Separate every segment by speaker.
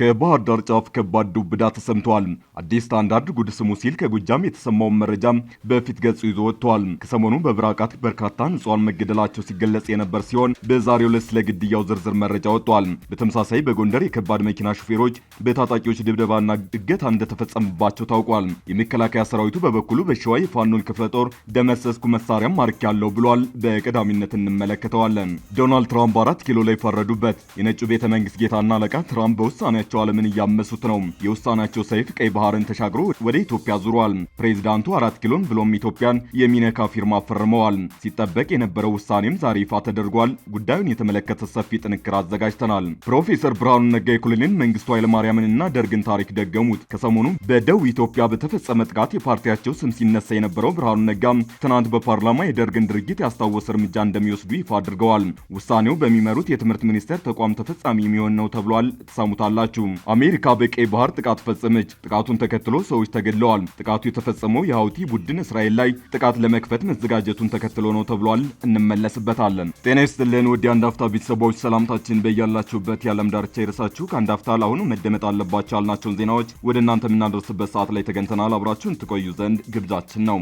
Speaker 1: ከባህር ዳር ጫፍ ከባድ ዱብዳ ተሰምቷል። አዲስ ስታንዳርድ ጉድ ስሙ ሲል ከጎጃም የተሰማውን መረጃ በፊት ገጹ ይዞ ወጥቷል። ከሰሞኑ በብራቃት በርካታ ንጹሐን መገደላቸው ሲገለጽ የነበር ሲሆን በዛሬው ዕለት ስለ ግድያው ዝርዝር መረጃ ወጥቷል። በተመሳሳይ በጎንደር የከባድ መኪና ሹፌሮች በታጣቂዎች ድብደባና እገታ እንደተፈጸመባቸው ታውቋል። የመከላከያ ሰራዊቱ በበኩሉ በሸዋ የፋኖን ክፍለ ጦር ደመሰስኩ፣ መሳሪያም ማርክ ያለው ብሏል። በቀዳሚነት እንመለከተዋለን። ዶናልድ ትራምፕ አራት ኪሎ ላይ ፈረዱበት። የነጩ ቤተ መንግስት ጌታና አለቃ ትራምፕ በውሳኔ የራሳቸው ዓለምን እያመሱት ነው። የውሳናቸው ሰይፍ ቀይ ባህርን ተሻግሮ ወደ ኢትዮጵያ ዙሯል። ፕሬዚዳንቱ አራት ኪሎን ብሎም ኢትዮጵያን የሚነካ ፊርማ ፈርመዋል። ሲጠበቅ የነበረው ውሳኔም ዛሬ ይፋ ተደርጓል። ጉዳዩን የተመለከተ ሰፊ ጥንክር አዘጋጅተናል። ፕሮፌሰር ብርሃኑ ነጋ የኩለኔን መንግስቱ ኃይለማርያምንና ደርግን ታሪክ ደገሙት። ከሰሞኑ በደቡብ ኢትዮጵያ በተፈጸመ ጥቃት የፓርቲያቸው ስም ሲነሳ የነበረው ብርሃኑ ነጋ ትናንት በፓርላማ የደርግን ድርጊት ያስታወሰ እርምጃ እንደሚወስዱ ይፋ አድርገዋል። ውሳኔው በሚመሩት የትምህርት ሚኒስቴር ተቋም ተፈጻሚ የሚሆን ነው ተብሏል። ትሰሙታላችሁ። ተዘጋጁ። አሜሪካ በቀይ ባህር ጥቃት ፈጸመች። ጥቃቱን ተከትሎ ሰዎች ተገድለዋል። ጥቃቱ የተፈጸመው የሀውቲ ቡድን እስራኤል ላይ ጥቃት ለመክፈት መዘጋጀቱን ተከትሎ ነው ተብሏል። እንመለስበታለን። ጤና ይስጥልን ወዲ አንድ አፍታ ቤተሰቦች ሰላምታችን በያላችሁበት የዓለም ዳርቻ ይረሳችሁ። ከአንድ አፍታ ለአሁኑ መደመጥ አለባቸው ያልናቸውን ዜናዎች ወደ እናንተ የምናደርስበት ሰዓት ላይ ተገኝተናል። አብራችሁን ትቆዩ ዘንድ ግብዣችን ነው።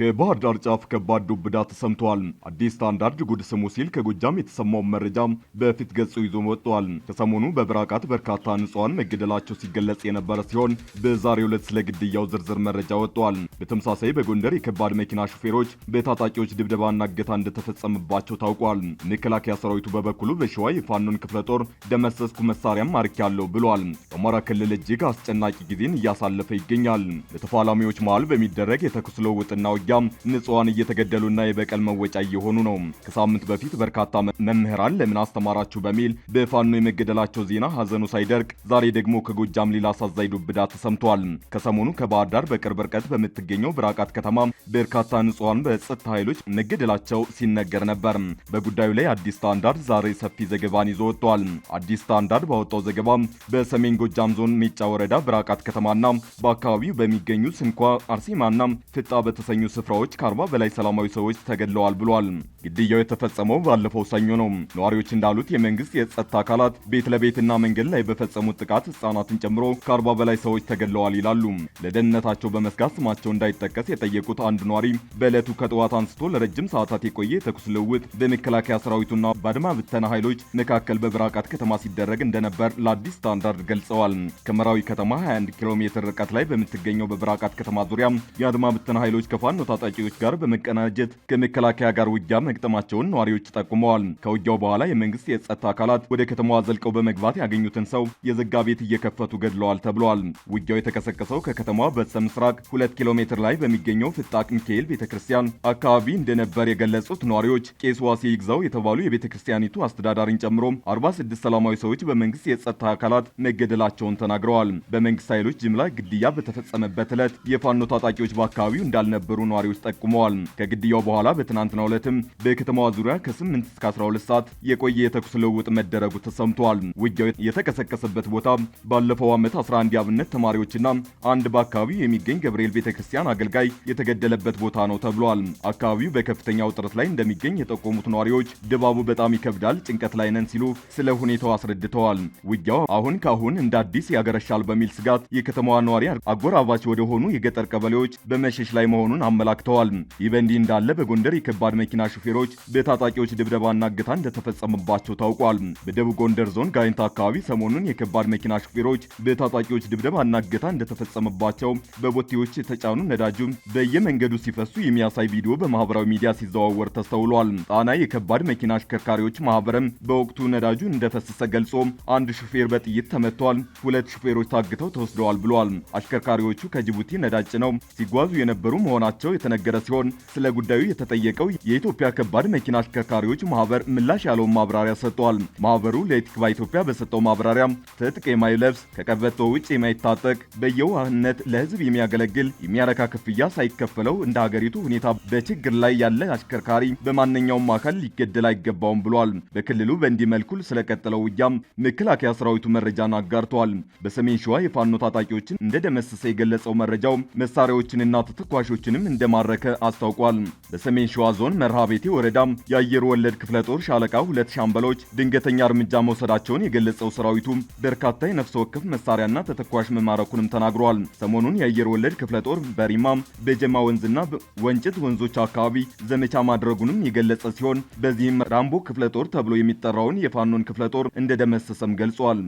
Speaker 1: ከባህር ዳር ጫፍ ከባድ ዱብዳ ተሰምቷል። አዲስ ስታንዳርድ ጉድ ስሙ ሲል ከጎጃም የተሰማውን መረጃ በፊት ገጹ ይዞ ወጥቷል። ከሰሞኑ በብራቃት በርካታ ንጹሐን መገደላቸው ሲገለጽ የነበረ ሲሆን በዛሬው ዕለት ስለ ግድያው ዝርዝር መረጃ ወጥቷል። በተመሳሳይ በጎንደር የከባድ መኪና ሹፌሮች በታጣቂዎች ድብደባና እገታ እንደተፈጸመባቸው ታውቋል። መከላከያ ሰራዊቱ በበኩሉ በሸዋ የፋኖን ክፍለ ጦር ደመሰስኩ፣ መሳሪያም ማርኪያለሁ ብሏል። በአማራ ክልል እጅግ አስጨናቂ ጊዜን እያሳለፈ ይገኛል። በተፋላሚዎች መሃል በሚደረግ የተኩስ ልውውጥና ውጊያ ንጹሐን እየተገደሉና የበቀል መወጫ እየሆኑ ነው። ከሳምንት በፊት በርካታ መምህራን ለምን አስተማራችሁ በሚል በፋኖ የመገደላቸው ዜና ሀዘኑ ሳይደርቅ ዛሬ ደግሞ ከጎጃም ሌላ አሳዛኝ ዱብዳ ተሰምቷል። ከሰሞኑ ከባህር ዳር በቅርብ ርቀት በምትገኘው ብራቃት ከተማ በርካታ ንጹሐን በጸጥታ ኃይሎች መገደላቸው ሲነገር ነበር። በጉዳዩ ላይ አዲስ ስታንዳርድ ዛሬ ሰፊ ዘገባን ይዞ ወጥቷል። አዲስ ስታንዳርድ ባወጣው ዘገባ በሰሜን ጎጃም ዞን ሜጫ ወረዳ ብራቃት ከተማና በአካባቢው በሚገኙ ስንኳ፣ አርሴማና ፍጣ በተሰኙ ሌሎች ስፍራዎች ከአርባ በላይ ሰላማዊ ሰዎች ተገድለዋል ብሏል። ግድያው የተፈጸመው ባለፈው ሰኞ ነው። ነዋሪዎች እንዳሉት የመንግስት የጸጥታ አካላት ቤት ለቤትና መንገድ ላይ በፈጸሙት ጥቃት ህጻናትን ጨምሮ ከአርባ በላይ ሰዎች ተገድለዋል ይላሉ። ለደህንነታቸው በመስጋት ስማቸው እንዳይጠቀስ የጠየቁት አንድ ነዋሪ በዕለቱ ከጠዋት አንስቶ ለረጅም ሰዓታት የቆየ የተኩስ ልውውጥ በመከላከያ ሰራዊቱና በአድማ ብተና ኃይሎች መካከል በብራቃት ከተማ ሲደረግ እንደነበር ለአዲስ ስታንዳርድ ገልጸዋል። ከመራዊ ከተማ 21 ኪሎ ሜትር ርቀት ላይ በምትገኘው በብራቃት ከተማ ዙሪያ የአድማ ብተና ኃይሎች ከፋኖ ታጣቂዎች ጋር በመቀናጀት ከመከላከያ ጋር ውጊያ መግጠማቸውን ነዋሪዎች ጠቁመዋል። ከውጊያው በኋላ የመንግስት የጸጥታ አካላት ወደ ከተማዋ ዘልቀው በመግባት ያገኙትን ሰው የዘጋ ቤት እየከፈቱ ገድለዋል ተብሏል። ውጊያው የተቀሰቀሰው ከከተማዋ በስተ ምስራቅ ሁለት ኪሎ ሜትር ላይ በሚገኘው ፍጣቅ ሚካኤል ቤተ ክርስቲያን አካባቢ እንደነበር የገለጹት ነዋሪዎች ቄስ ዋሴ ይግዛው የተባሉ የቤተ ክርስቲያኒቱ አስተዳዳሪን ጨምሮ 46 ሰላማዊ ሰዎች በመንግስት የጸጥታ አካላት መገደላቸውን ተናግረዋል። በመንግስት ኃይሎች ጅምላ ግድያ በተፈጸመበት ዕለት የፋኖ ታጣቂዎች በአካባቢው እንዳልነበሩ ነዋሪዎች ጠቁመዋል። ከግድያው በኋላ በትናንትናው ዕለትም በከተማዋ ዙሪያ ከ8 እስከ 12 ሰዓት የቆየ የተኩስ ልውውጥ መደረጉ ተሰምቷል። ውጊያው የተቀሰቀሰበት ቦታ ባለፈው ዓመት 11 የአብነት ተማሪዎችና አንድ በአካባቢው የሚገኝ ገብርኤል ቤተክርስቲያን አገልጋይ የተገደለበት ቦታ ነው ተብሏል። አካባቢው በከፍተኛ ውጥረት ላይ እንደሚገኝ የጠቆሙት ነዋሪዎች ድባቡ በጣም ይከብዳል፣ ጭንቀት ላይ ነን ሲሉ ስለ ሁኔታው አስረድተዋል። ውጊያው አሁን ካሁን እንደ አዲስ ያገረሻል በሚል ስጋት የከተማዋ ነዋሪ አጎራባች ወደሆኑ የገጠር ቀበሌዎች በመሸሽ ላይ መሆኑን አመ አመላክተዋል። ይህ በእንዲህ እንዳለ በጎንደር የከባድ መኪና ሹፌሮች በታጣቂዎች ድብደባና እገታ እንደተፈጸመባቸው ታውቋል። በደቡብ ጎንደር ዞን ጋይንት አካባቢ ሰሞኑን የከባድ መኪና ሹፌሮች በታጣቂዎች ድብደባና እገታ እንደተፈጸመባቸው በቦቴዎች የተጫኑ ነዳጁ በየመንገዱ ሲፈሱ የሚያሳይ ቪዲዮ በማህበራዊ ሚዲያ ሲዘዋወር ተስተውሏል። ጣና የከባድ መኪና አሽከርካሪዎች ማህበርም በወቅቱ ነዳጁ እንደፈሰሰ ገልጾ አንድ ሹፌር በጥይት ተመቷል፣ ሁለት ሹፌሮች ታግተው ተወስደዋል ብሏል። አሽከርካሪዎቹ ከጅቡቲ ነዳጅ ነው ሲጓዙ የነበሩ መሆናቸው መሆናቸው የተነገረ ሲሆን ስለ ጉዳዩ የተጠየቀው የኢትዮጵያ ከባድ መኪና አሽከርካሪዎች ማህበር ምላሽ ያለውን ማብራሪያ ሰጥቷል። ማህበሩ ለኢትክባ ኢትዮጵያ በሰጠው ማብራሪያ ትጥቅ የማይለብስ ከቀበቶ ውጭ የማይታጠቅ በየዋህነት ለህዝብ የሚያገለግል የሚያረካ ክፍያ ሳይከፈለው እንደ ሀገሪቱ ሁኔታ በችግር ላይ ያለ አሽከርካሪ በማንኛውም አካል ሊገደል አይገባውም ብሏል። በክልሉ በእንዲህ መልኩ ስለቀጠለው ውጊያም መከላከያ ሰራዊቱ መረጃን አጋርተዋል። በሰሜን ሸዋ የፋኖ ታጣቂዎችን እንደደመሰሰ የገለጸው መረጃው መሳሪያዎችንና ተተኳሾችንም እንደ እንደማረከ አስታውቋል። በሰሜን ሸዋ ዞን ቤቴ ወረዳም የአየር ወለድ ክፍለ ጦር ሻለቃ ሁለት ሻምበሎች ድንገተኛ እርምጃ መውሰዳቸውን የገለጸው ሰራዊቱ በርካታ የነፍስ ወከፍ መሳሪያና ተተኳሽ መማረኩንም ተናግሯል። ሰሞኑን የአየር ወለድ ክፍለ ጦር በሪማም በጀማ ወንዝና ወንጭት ወንዞች አካባቢ ዘመቻ ማድረጉንም የገለጸ ሲሆን በዚህም ራምቦ ክፍለ ጦር ተብሎ የሚጠራውን የፋኖን ክፍለ ጦር እንደደመሰሰም ገልጿል።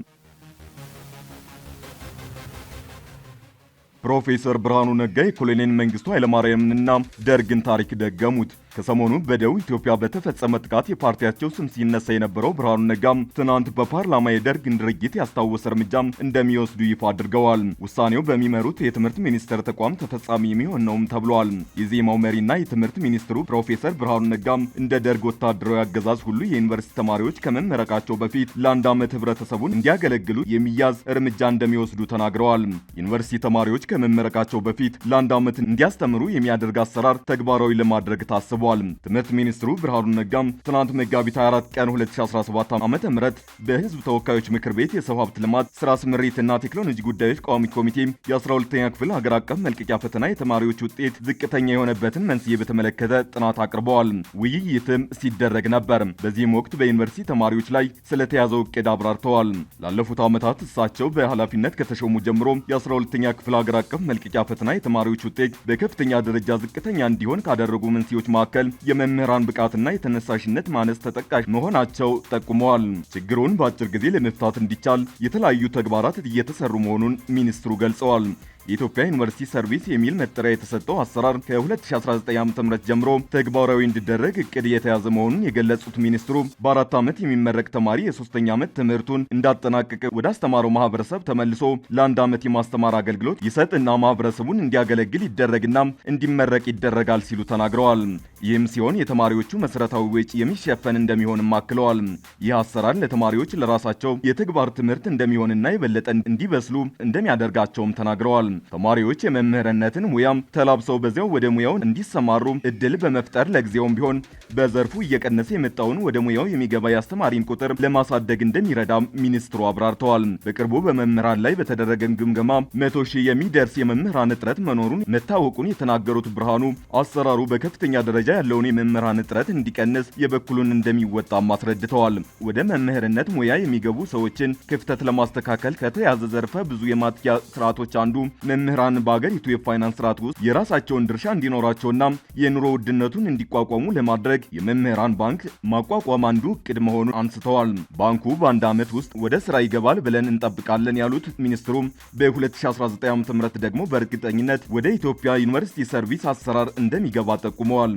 Speaker 1: ፕሮፌሰር ብርሃኑ ነጋ የኮሎኔል መንግስቱ ኃይለማርያምንና ደርግን ታሪክ ደገሙት። ከሰሞኑ በደቡብ ኢትዮጵያ በተፈጸመ ጥቃት የፓርቲያቸው ስም ሲነሳ የነበረው ብርሃኑ ነጋም ትናንት በፓርላማ የደርግን ድርጊት ያስታወሰ እርምጃ እንደሚወስዱ ይፋ አድርገዋል። ውሳኔው በሚመሩት የትምህርት ሚኒስቴር ተቋም ተፈጻሚ የሚሆን ነውም ተብሏል። የዜማው መሪና የትምህርት ሚኒስትሩ ፕሮፌሰር ብርሃኑ ነጋም እንደ ደርግ ወታደራዊ አገዛዝ ሁሉ የዩኒቨርሲቲ ተማሪዎች ከመመረቃቸው በፊት ለአንድ ዓመት ህብረተሰቡን እንዲያገለግሉ የሚያዝ እርምጃ እንደሚወስዱ ተናግረዋል። ዩኒቨርሲቲ ተማሪዎች ከመመረቃቸው በፊት ለአንድ ዓመት እንዲያስተምሩ የሚያደርግ አሰራር ተግባራዊ ለማድረግ ታስቧል። ተዘግቧል። ትምህርት ሚኒስትሩ ብርሃኑ ነጋም ትናንት መጋቢት 24 ቀን 2017 ዓ ም በህዝብ ተወካዮች ምክር ቤት የሰው ሀብት ልማት ስራ ስምሪትና ቴክኖሎጂ ጉዳዮች ቋሚ ኮሚቴ የ12ኛ ክፍል ሀገር አቀፍ መልቀቂያ ፈተና የተማሪዎች ውጤት ዝቅተኛ የሆነበትን መንስኤ በተመለከተ ጥናት አቅርበዋል። ውይይትም ሲደረግ ነበር። በዚህም ወቅት በዩኒቨርሲቲ ተማሪዎች ላይ ስለተያዘው እቅድ አብራርተዋል። ላለፉት ዓመታት እሳቸው በኃላፊነት ከተሾሙ ጀምሮ የ12ኛ ክፍል ሀገር አቀፍ መልቀቂያ ፈተና የተማሪዎች ውጤት በከፍተኛ ደረጃ ዝቅተኛ እንዲሆን ካደረጉ መንስኤዎች መካከል መካከል የመምህራን ብቃትና የተነሳሽነት ማነስ ተጠቃሽ መሆናቸው ጠቁመዋል። ችግሩን በአጭር ጊዜ ለመፍታት እንዲቻል የተለያዩ ተግባራት እየተሰሩ መሆኑን ሚኒስትሩ ገልጸዋል። የኢትዮጵያ ዩኒቨርሲቲ ሰርቪስ የሚል መጠሪያ የተሰጠው አሰራር ከ2019 ዓ ም ጀምሮ ተግባራዊ እንዲደረግ እቅድ የተያዘ መሆኑን የገለጹት ሚኒስትሩ በአራት ዓመት የሚመረቅ ተማሪ የሶስተኛ ዓመት ትምህርቱን እንዳጠናቀቀ ወደ አስተማረው ማህበረሰብ ተመልሶ ለአንድ ዓመት የማስተማር አገልግሎት ይሰጥ እና ማህበረሰቡን እንዲያገለግል ይደረግና እንዲመረቅ ይደረጋል ሲሉ ተናግረዋል። ይህም ሲሆን የተማሪዎቹ መሠረታዊ ወጪ የሚሸፈን እንደሚሆንም አክለዋል። ይህ አሰራር ለተማሪዎች ለራሳቸው የተግባር ትምህርት እንደሚሆንና የበለጠ እንዲበስሉ እንደሚያደርጋቸውም ተናግረዋል። ተማሪዎች የመምህርነትን ሙያም ተላብሰው በዚያው ወደ ሙያው እንዲሰማሩ እድል በመፍጠር ለጊዜውም ቢሆን በዘርፉ እየቀነሰ የመጣውን ወደ ሙያው የሚገባ የአስተማሪን ቁጥር ለማሳደግ እንደሚረዳ ሚኒስትሩ አብራርተዋል። በቅርቡ በመምህራን ላይ በተደረገ ግምገማ መቶ ሺህ የሚደርስ የመምህራን እጥረት መኖሩን መታወቁን የተናገሩት ብርሃኑ አሰራሩ በከፍተኛ ደረጃ ያለውን የመምህራን እጥረት እንዲቀንስ የበኩሉን እንደሚወጣም አስረድተዋል። ወደ መምህርነት ሙያ የሚገቡ ሰዎችን ክፍተት ለማስተካከል ከተያዘ ዘርፈ ብዙ የማጥቂያ ስርዓቶች አንዱ መምህራን በአገሪቱ የፋይናንስ ስርዓት ውስጥ የራሳቸውን ድርሻ እንዲኖራቸውና የኑሮ ውድነቱን እንዲቋቋሙ ለማድረግ የመምህራን ባንክ ማቋቋም አንዱ እቅድ መሆኑን አንስተዋል። ባንኩ በአንድ ዓመት ውስጥ ወደ ስራ ይገባል ብለን እንጠብቃለን ያሉት ሚኒስትሩ በ2019 ዓ ም ደግሞ በእርግጠኝነት ወደ ኢትዮጵያ ዩኒቨርሲቲ ሰርቪስ አሰራር እንደሚገባ ጠቁመዋል።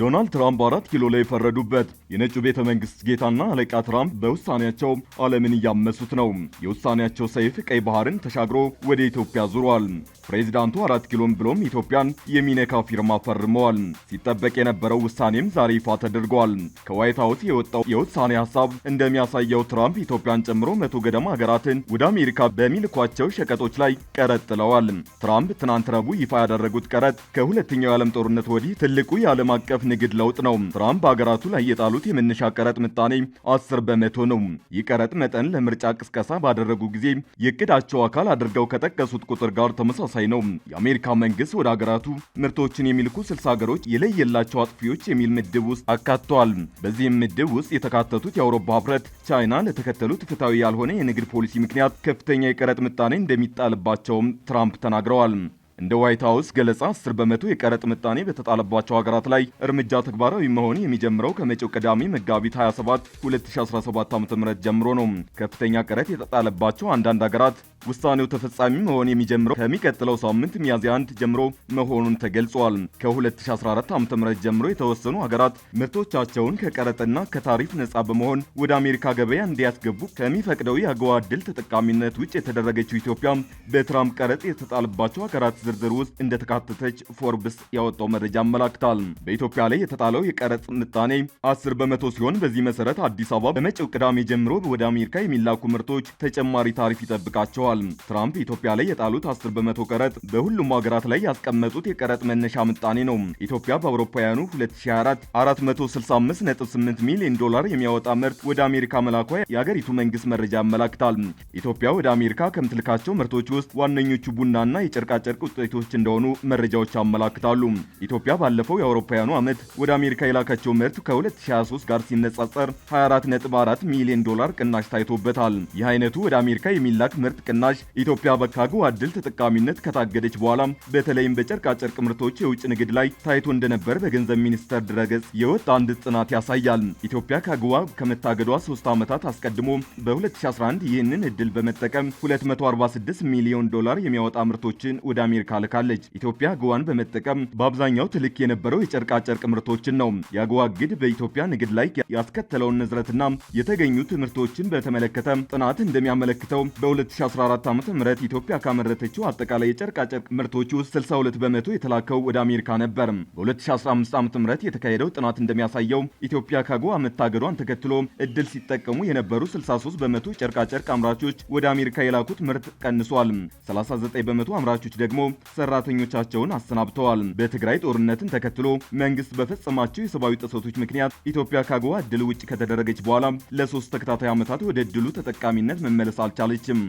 Speaker 1: ዶናልድ ትራምፕ አራት ኪሎ ላይ የፈረዱበት የነጩ ቤተ መንግስት ጌታና አለቃ ትራምፕ በውሳኔያቸው ዓለምን እያመሱት ነው። የውሳኔያቸው ሰይፍ ቀይ ባህርን ተሻግሮ ወደ ኢትዮጵያ ዙሯል። ፕሬዚዳንቱ አራት ኪሎም ብሎም ኢትዮጵያን የሚነካ ፊርማ ፈርመዋል። ሲጠበቅ የነበረው ውሳኔም ዛሬ ይፋ ተደርጓል። ከዋይት ሀውስ የወጣው የውሳኔ ሀሳብ እንደሚያሳየው ትራምፕ ኢትዮጵያን ጨምሮ መቶ ገደማ ሀገራትን ወደ አሜሪካ በሚልኳቸው ሸቀጦች ላይ ቀረጥ ጥለዋል። ትራምፕ ትናንት ረቡዕ ይፋ ያደረጉት ቀረጥ ከሁለተኛው የዓለም ጦርነት ወዲህ ትልቁ የዓለም አቀፍ ንግድ ለውጥ ነው። ትራምፕ በሀገራቱ ላይ የጣሉት የመነሻ ቀረጥ ምጣኔ 10 በመቶ ነው። ይህ ቀረጥ መጠን ለምርጫ ቅስቀሳ ባደረጉ ጊዜ የእቅዳቸው አካል አድርገው ከጠቀሱት ቁጥር ጋር ተመሳሳይ ነው። የአሜሪካ መንግስት ወደ ሀገራቱ ምርቶችን የሚልኩ 60 ሀገሮች የለየላቸው አጥፊዎች የሚል ምድብ ውስጥ አካተዋል። በዚህም ምድብ ውስጥ የተካተቱት የአውሮፓ ህብረት፣ ቻይና ለተከተሉት ፍትሐዊ ያልሆነ የንግድ ፖሊሲ ምክንያት ከፍተኛ የቀረጥ ምጣኔ እንደሚጣልባቸውም ትራምፕ ተናግረዋል። እንደ ዋይት ሀውስ ገለጻ 10 በመቶ የቀረጥ ምጣኔ በተጣለባቸው ሀገራት ላይ እርምጃ ተግባራዊ መሆን የሚጀምረው ከመጪው ቅዳሜ መጋቢት 27 2017 ዓ.ም ጀምሮ ነው። ከፍተኛ ቀረጥ የተጣለባቸው አንዳንድ ሀገራት ውሳኔው ተፈጻሚ መሆን የሚጀምረው ከሚቀጥለው ሳምንት ሚያዝያ 1 ጀምሮ መሆኑን ተገልጿል። ከ2014 ዓ.ም ጀምሮ የተወሰኑ ሀገራት ምርቶቻቸውን ከቀረጥና ከታሪፍ ነጻ በመሆን ወደ አሜሪካ ገበያ እንዲያስገቡ ከሚፈቅደው የአጎዋ ዕድል ተጠቃሚነት ውጭ የተደረገችው ኢትዮጵያ በትራምፕ ቀረጥ የተጣለባቸው ሀገራት ዝርዝር ውስጥ እንደተካተተች ፎርብስ ያወጣው መረጃ አመላክታል። በኢትዮጵያ ላይ የተጣለው የቀረጥ ምጣኔ 10 በመቶ ሲሆን በዚህ መሰረት አዲስ አበባ በመጪው ቅዳሜ ጀምሮ ወደ አሜሪካ የሚላኩ ምርቶች ተጨማሪ ታሪፍ ይጠብቃቸዋል። ትራምፕ ኢትዮጵያ ላይ የጣሉት 10 በመቶ ቀረጥ በሁሉም ሀገራት ላይ ያስቀመጡት የቀረጥ መነሻ ምጣኔ ነው። ኢትዮጵያ በአውሮፓውያኑ 2024 465.8 ሚሊዮን ዶላር የሚያወጣ ምርት ወደ አሜሪካ መላኳ የአገሪቱ መንግስት መረጃ ያመላክታል። ኢትዮጵያ ወደ አሜሪካ ከምትልካቸው ምርቶች ውስጥ ዋነኞቹ ቡናና የጨርቃጨርቅ ውጤቶች እንደሆኑ መረጃዎች አመላክታሉ። ኢትዮጵያ ባለፈው የአውሮፓውያኑ ዓመት ወደ አሜሪካ የላካቸው ምርት ከ2023 ጋር ሲነጻጸር 244 ሚሊዮን ዶላር ቅናሽ ታይቶበታል። ይህ አይነቱ ወደ አሜሪካ የሚላክ ምርት ቅናሽ ኢትዮጵያ በካጎ አድል ተጠቃሚነት ከታገደች በኋላ በተለይም በጨርቃጨርቅ ምርቶች የውጭ ንግድ ላይ ታይቶ እንደነበር በገንዘብ ሚኒስቴር ድረገጽ የወጣ አንድ ጥናት ያሳያል። ኢትዮጵያ ካጎዋ ከመታገዷ ሶስት ዓመታት አስቀድሞ በ2011 ይህንን እድል በመጠቀም 246 ሚሊዮን ዶላር የሚያወጣ ምርቶችን ወደ አሜሪካ አሜሪካ ልካለች። ኢትዮጵያ አግዋን በመጠቀም በአብዛኛው ትልክ የነበረው የጨርቃጨርቅ ምርቶችን ነው። የአግዋ እግድ በኢትዮጵያ ንግድ ላይ ያስከተለውን ንዝረትና የተገኙ ትምህርቶችን በተመለከተ ጥናት እንደሚያመለክተው በ2014 ዓ ም ኢትዮጵያ ካመረተችው አጠቃላይ የጨርቃጨርቅ ምርቶች ውስጥ 62 በመቶ የተላከው ወደ አሜሪካ ነበር። በ2015 ዓ ም የተካሄደው ጥናት እንደሚያሳየው ኢትዮጵያ ካጎዋ መታገዷን ተከትሎ እድል ሲጠቀሙ የነበሩ 63 በመቶ ጨርቃጨርቅ አምራቾች ወደ አሜሪካ የላኩት ምርት ቀንሷል። 39 በመቶ አምራቾች ደግሞ ሰራተኞቻቸውን አሰናብተዋል። በትግራይ ጦርነትን ተከትሎ መንግስት በፈጸማቸው የሰብአዊ ጥሰቶች ምክንያት ኢትዮጵያ ካጎዋ እድል ውጭ ከተደረገች በኋላ ለሶስት ተከታታይ ዓመታት ወደ እድሉ ተጠቃሚነት መመለስ አልቻለችም።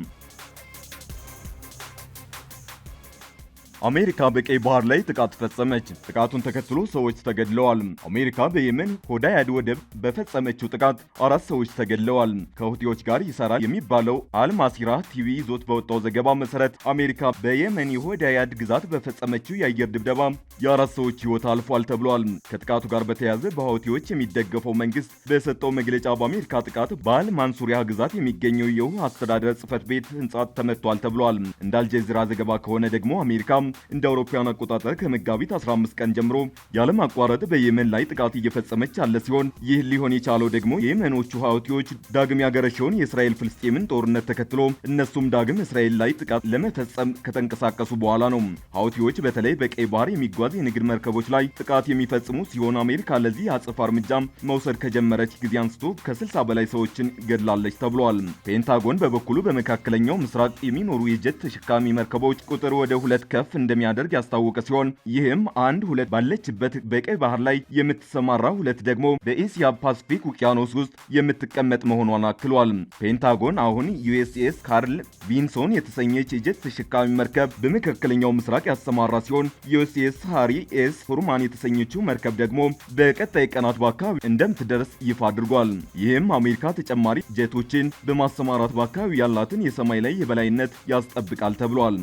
Speaker 1: አሜሪካ በቀይ ባህር ላይ ጥቃት ፈጸመች። ጥቃቱን ተከትሎ ሰዎች ተገድለዋል። አሜሪካ በየመን ሆዳያድ ወደብ በፈጸመችው ጥቃት አራት ሰዎች ተገድለዋል። ከሁቲዎች ጋር ይሰራል የሚባለው አልማሲራ ቲቪ ይዞት በወጣው ዘገባ መሰረት አሜሪካ በየመን የሆዳያድ ግዛት በፈጸመችው የአየር ድብደባ የአራት ሰዎች ሕይወት አልፏል ተብሏል። ከጥቃቱ ጋር በተያያዘ በሁቲዎች የሚደገፈው መንግስት በሰጠው መግለጫ በአሜሪካ ጥቃት በአልማንሱሪያ ግዛት የሚገኘው የውሃ አስተዳደር ጽህፈት ቤት ህንጻ ተመቷል ተብሏል። እንደ አልጀዚራ ዘገባ ከሆነ ደግሞ አሜሪካ እንደ አውሮፓውያን አቆጣጠር ከመጋቢት 15 ቀን ጀምሮ ያለማቋረጥ በየመን ላይ ጥቃት እየፈጸመች ያለ ሲሆን ይህ ሊሆን የቻለው ደግሞ የየመኖቹ ሀውቲዎች ዳግም ያገረሸውን የእስራኤል ፍልስጤምን ጦርነት ተከትሎ እነሱም ዳግም እስራኤል ላይ ጥቃት ለመፈጸም ከተንቀሳቀሱ በኋላ ነው። ሀውቲዎች በተለይ በቀይ ባህር የሚጓዝ የንግድ መርከቦች ላይ ጥቃት የሚፈጽሙ ሲሆን አሜሪካ ለዚህ የአጸፋ እርምጃም መውሰድ ከጀመረች ጊዜ አንስቶ ከ60 በላይ ሰዎችን ገድላለች ተብሏል። ፔንታጎን በበኩሉ በመካከለኛው ምስራቅ የሚኖሩ የጀት ተሸካሚ መርከቦች ቁጥር ወደ ሁለት ከፍ እንደሚያደርግ ያስታወቀ ሲሆን ይህም አንድ ሁለት ባለችበት በቀይ ባህር ላይ የምትሰማራ ሁለት ደግሞ በኤስያ ፓስፊክ ውቅያኖስ ውስጥ የምትቀመጥ መሆኗን አክሏል። ፔንታጎን አሁን ዩኤስኤስ ካርል ቢንሶን የተሰኘች የጀት ተሸካሚ መርከብ በመካከለኛው ምስራቅ ያሰማራ ሲሆን ዩኤስኤስ ሃሪ ኤስ ፉርማን የተሰኘችው መርከብ ደግሞ በቀጣይ ቀናት በአካባቢ እንደምትደርስ ይፋ አድርጓል። ይህም አሜሪካ ተጨማሪ ጀቶችን በማሰማራት በአካባቢ ያላትን የሰማይ ላይ የበላይነት ያስጠብቃል ተብሏል።